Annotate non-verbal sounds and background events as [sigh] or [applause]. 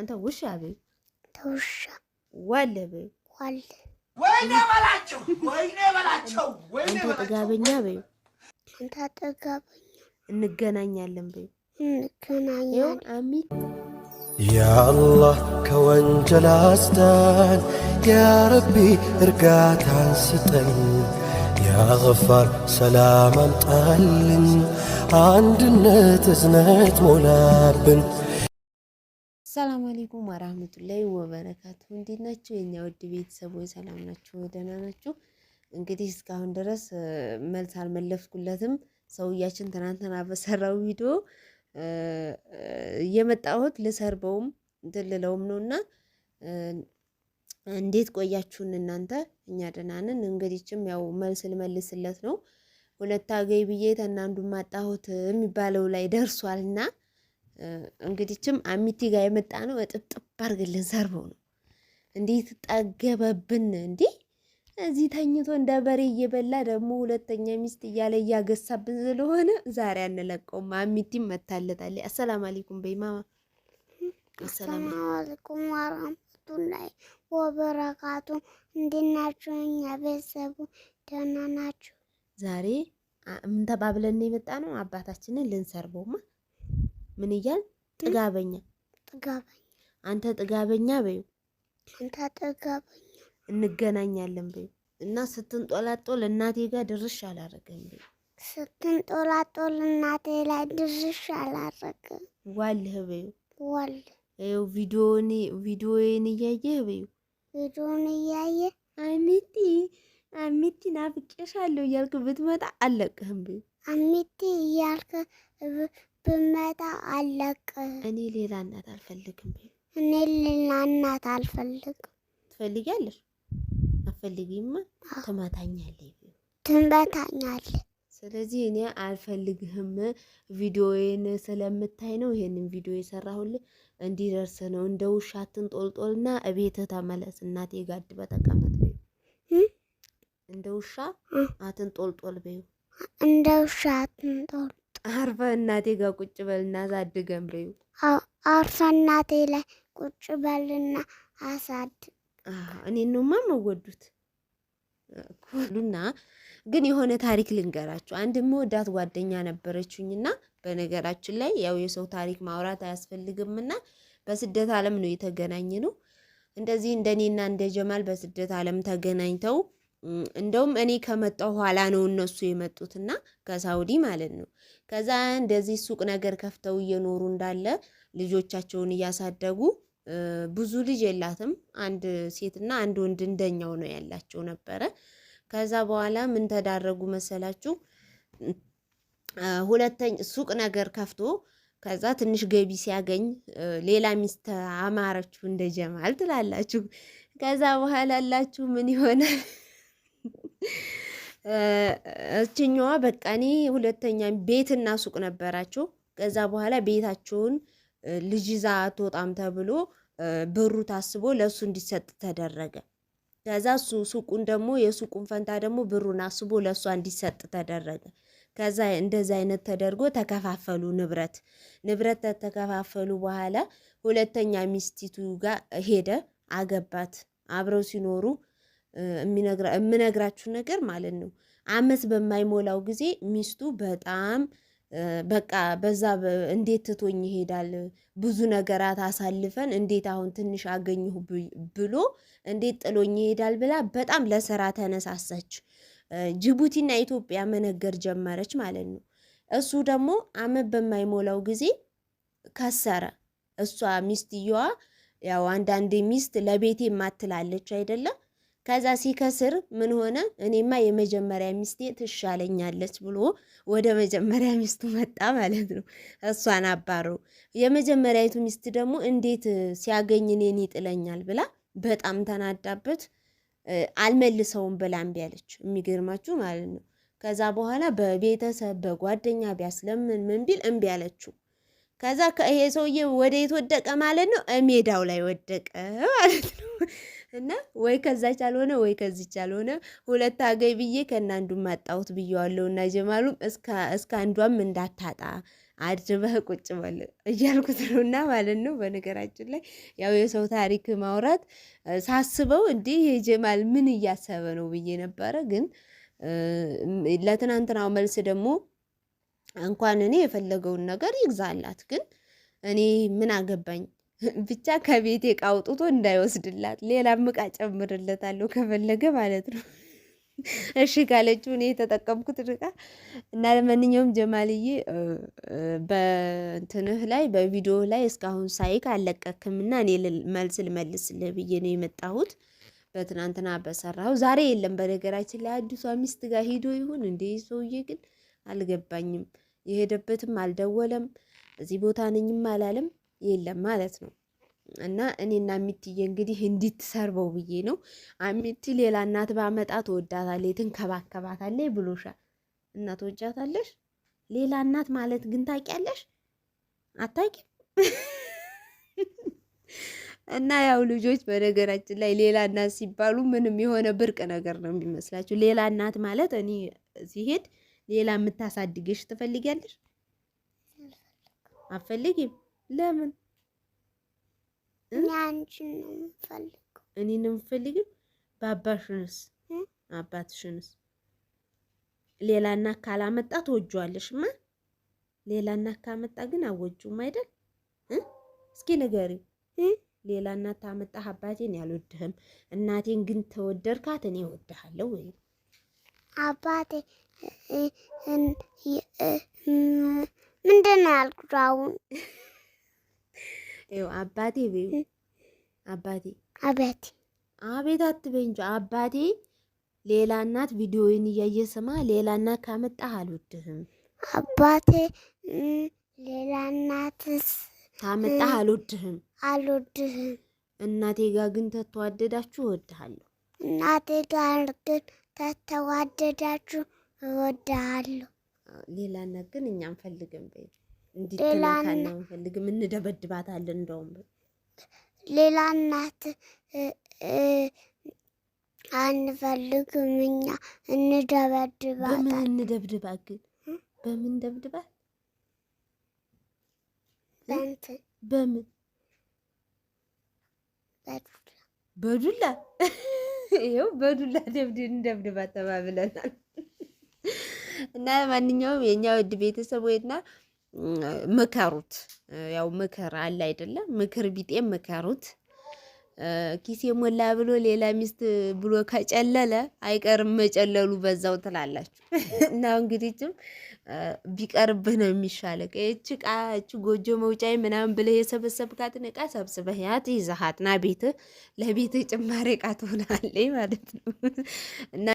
አንተ ውሻ በይ ተውሻ ዋለ በይ ዋለ ወይኔ በላቸው ወይኔ በላቸው ወይኔ ጥጋበኛ በይ አንተ ጥጋበኛ እንገናኛለን በይ እንገናኛለን አሚን ያአላህ ከወንጀል አስዳን ያረቢ እርጋታን ስጠን ያገፋር ሰላም አምጣልን አንድነት እዝነት ሞላብን አለይኩም ወራህመቱላሂ ወበረካቱ። እንዴት ናችሁ የኛ ውድ ቤተሰቦች? ሰላም ናችሁ? ደህና ናችሁ? እንግዲህ እስካሁን ድረስ መልስ አልመለስኩለትም። ሰውያችን ትናንትና በሰራው ቪዲዮ የመጣሁት ልሰርበውም ድልለውም ነው እና እንዴት ቆያችሁን እናንተ? እኛ ደህና ነን። እንግዲችም ያው መልስ ልመልስለት ነው። ሁለት አገይ ብዬ ተናንዱ ማጣሁት የሚባለው ላይ ደርሷልና እንግዲችም አሚቲ ጋር የመጣ ነው። እጥብጥብ አድርግልን ሰርበው ነው። እንዴት ጠገበብን እንዴ! እዚህ ተኝቶ እንደ በሬ እየበላ ደግሞ ሁለተኛ ሚስት እያለ እያገሳብን ስለሆነ ዛሬ አንለቀውም። አሚቲም መታለታል። አሰላም አለይኩም በይማማ። አሰላም አለይኩም ወራህመቱላሂ ወበረካቱ። እንዴት ናችሁ? እኛ ቤተሰቡ ደህና ናችሁ? ዛሬ ምን ተባብለን የመጣ ነው? አባታችንን ልንሰርበውማ ምን እያል ጥጋበኛ ጥጋበኛ አንተ ጥጋበኛ በይው አንተ ጥጋበኛ እንገናኛለን በይው እና ስትንጦላጦል እናቴ ጋር ድርሽ አላረገኝ በይው ስትንጦላጦል እናቴ ላይ ድርሽ አላረገኝ ዋልህ በይው ዋልህ ይኸው ቪዲዮውን ቪዲዮውን እያየህ በይው ቪዲዮውን እያየህ አሚቲ አሚቲ ናፍቄሻለሁ እያልክ ብትመጣ አለቅህም በይው አሚቲ እያልክ ብመጣ አለቅ እኔ ሌላ እናት አልፈልግም። እኔ ሌላ እናት አልፈልግም። ትፈልጊያለሽ? አትፈልጊማ። ትመታኛለሽ፣ ትመታኛለሽ። ስለዚህ እኔ አልፈልግህም። ቪዲዮዬን ስለምታይ ነው ይሄንን ቪዲዮ የሰራሁልህ፣ እንዲደርስ ነው። እንደ ውሻ አትንጦልጦልና እቤትህ ተመለስ። እናቴ ጋድ በተቀመጥ በይው። እንደ ውሻ አትን ጦልጦል በይው። እንደ ውሻ አትን ጦል አርፈ እናቴ ጋር ቁጭ በልና አሳድገን በዩ አርፈ እናቴ ላይ ቁጭ በልና አሳድ እኔ ነውማ መወዱት ሁሉና ግን የሆነ ታሪክ ልንገራችሁ። አንድ የምወዳት ጓደኛ ነበረችኝና በነገራችን ላይ ያው የሰው ታሪክ ማውራት አያስፈልግምና በስደት ዓለም ነው የተገናኘ ነው። እንደዚህ እንደኔና እንደ ጀማል በስደት ዓለም ተገናኝተው እንደውም እኔ ከመጣው ኋላ ነው እነሱ የመጡትና ከሳውዲ ማለት ነው። ከዛ እንደዚህ ሱቅ ነገር ከፍተው እየኖሩ እንዳለ ልጆቻቸውን እያሳደጉ ብዙ ልጅ የላትም አንድ ሴትና አንድ ወንድ እንደኛው ነው ያላቸው ነበረ። ከዛ በኋላ ምን ተዳረጉ መሰላችሁ? ሁለተኛ ሱቅ ነገር ከፍቶ ከዛ ትንሽ ገቢ ሲያገኝ ሌላ ሚስት አማረችሁ እንደ ጀማል ትላላችሁ። ከዛ በኋላ ላችሁ ምን ይሆናል? እችኛዋ በቃ እኔ ሁለተኛ ቤትና ሱቅ ነበራችሁ። ከዛ በኋላ ቤታችሁን ልጅ ይዛ አትወጣም ተብሎ ብሩ ታስቦ ለእሱ እንዲሰጥ ተደረገ። ከዛ እሱ ሱቁን ደግሞ የሱቁን ፈንታ ደግሞ ብሩን አስቦ ለእሷ እንዲሰጥ ተደረገ። ከዛ እንደዛ አይነት ተደርጎ ተከፋፈሉ ንብረት ንብረት ተከፋፈሉ። በኋላ ሁለተኛ ሚስቲቱ ጋር ሄደ አገባት። አብረው ሲኖሩ የምነግራችሁ ነገር ማለት ነው። አመት በማይሞላው ጊዜ ሚስቱ በጣም በቃ በዛ እንዴት ትቶኝ ይሄዳል? ብዙ ነገራት አሳልፈን እንዴት አሁን ትንሽ አገኘሁ ብሎ እንዴት ጥሎኝ ይሄዳል ብላ በጣም ለስራ ተነሳሳች። ጅቡቲና ኢትዮጵያ መነገር ጀመረች ማለት ነው። እሱ ደግሞ አመት በማይሞላው ጊዜ ከሰረ። እሷ ሚስትየዋ ያው አንዳንዴ ሚስት ለቤቴ ማትላለች አይደለም ከዛ ሲከስር ምን ሆነ? እኔማ የመጀመሪያ ሚስቴ ትሻለኛለች ብሎ ወደ መጀመሪያ ሚስቱ መጣ ማለት ነው። እሷን አባረው። የመጀመሪያዊቱ ሚስት ደግሞ እንዴት ሲያገኝ እኔን ይጥለኛል ብላ በጣም ተናዳበት። አልመልሰውም ብላ እምቢ አለች። የሚገርማችሁ ማለት ነው። ከዛ በኋላ በቤተሰብ በጓደኛ ቢያስለምን ምን ቢል እምቢ አለችው። ከዛ ይሄ ሰውዬ የት ወደቀ ማለት ነው? ሜዳው ላይ ወደቀ [laughs] ማለት ነው። እና ወይ ከዛች አልሆነ ወይ ከዚች አልሆነ፣ ሁለት አገኝ ብዬ ከእናንዱ ማጣሁት ብየዋለሁ። እና ጀማሉም እስከ አንዷም እንዳታጣ አድበህ ቁጭ በል [laughs] እያልኩት ነው። እና ማለት ነው በነገራችን ላይ ያው የሰው ታሪክ ማውራት ሳስበው እንዲህ የጀማል ምን እያሰበ ነው ብዬ ነበረ። ግን ለትናንትናው መልስ ደግሞ እንኳን እኔ የፈለገውን ነገር ይግዛላት። ግን እኔ ምን አገባኝ [laughs] ብቻ ከቤቴ እቃ አውጥቶ እንዳይወስድላት ሌላ ዕቃ ጨምርለታለሁ ከፈለገ ማለት ነው። [laughs] እሺ ካለችው እኔ የተጠቀምኩት ዕቃ እና ለማንኛውም ጀማልዬ በእንትንህ ላይ በቪዲዮ ላይ እስካሁን ሳይክ አልለቀክምና እኔ መልስ ልመልስልህ ብዬ ነው የመጣሁት። በትናንትና በሰራው ዛሬ የለም። በነገራችን ላይ አዲሷ ሚስት ጋር ሂዶ ይሁን እንዴ ሰውዬ ግን አልገባኝም። የሄደበትም አልደወለም። እዚህ ቦታ ነኝም አላለም። የለም ማለት ነው። እና እኔና ሚትዬ እንግዲህ እንድትሰርበው ብዬ ነው። አሚቲ ሌላ እናት ባመጣ ትወዳታለች፣ ትንከባከባታለች ብሎሻል። እና ትወጃታለሽ። ሌላ እናት ማለት ግን ታውቂያለሽ? አታውቂም። እና ያው ልጆች በነገራችን ላይ ሌላ እናት ሲባሉ ምንም የሆነ ብርቅ ነገር ነው የሚመስላችሁ። ሌላ እናት ማለት እኔ ሲሄድ ሌላ የምታሳድግሽ ትፈልጊያለሽ? አፈልጊም? ለምን? እኔንም የምፈልግም። በአባሽንስ አባትሽንስ ሌላ እና ካላመጣ ትወጂዋለሽማ። ሌላ እና ካመጣ ግን አወጁም አይደል? እስኪ ንገሪ። ሌላ እናት ታመጣ አባቴን ያልወድህም እናቴን ግን ተወደድካት እኔ እወድሃለሁ ወይ አባቴ ምንድን ነው ያልኩት? አሁን ይኸው አባቴ በይው አባቴ አቤት አቤት አትበይ እንጂ አባቴ ሌላ እናት ቪዲዮውን እያየ ስማ ሌላ እናት ካመጣህ አልወድህም። አባቴ ሌላ እናትስ ካመጣህ አልወድህም አልወድህም። እናቴ ጋር ግን ተተዋደዳችሁ እወድሃለሁ። እናቴ ጋር ግን ተተዋደዳችሁ እወዳለሁ። ሌላ ነገር ግን እኛ አንፈልግም። በይ እንዲተናካና አንፈልግም፣ እንደበድባታለን። እንደውም ሌላ እናት አንፈልግም እኛ እንደበድባት። በምን እንደብድባት ግን በምን ደብድባት? በምን በዱላ። ይኸው በዱላ ደብድ እንደብድባ ተባብለናል። እና ማንኛውም የእኛ ውድ ቤተሰብ ወይና ምከሩት። ያው ምክር አለ አይደለም፣ ምክር ቢጤም ምከሩት። ኪሴ ሞላ ብሎ ሌላ ሚስት ብሎ ከጨለለ አይቀርም መጨለሉ በዛው ትላላችሁ። [laughs] እና እንግዲህም ቢቀርብህ ነው የሚሻለው። እች ቃ እች ጎጆ መውጫዬ ምናምን ብለህ የሰበሰብካትን ዕቃ ሰብስበህ ያት ይዘሃት ና ቤትህ ለቤትህ ጭማሪ ዕቃ ትሆናለች ማለት ነው [laughs] እና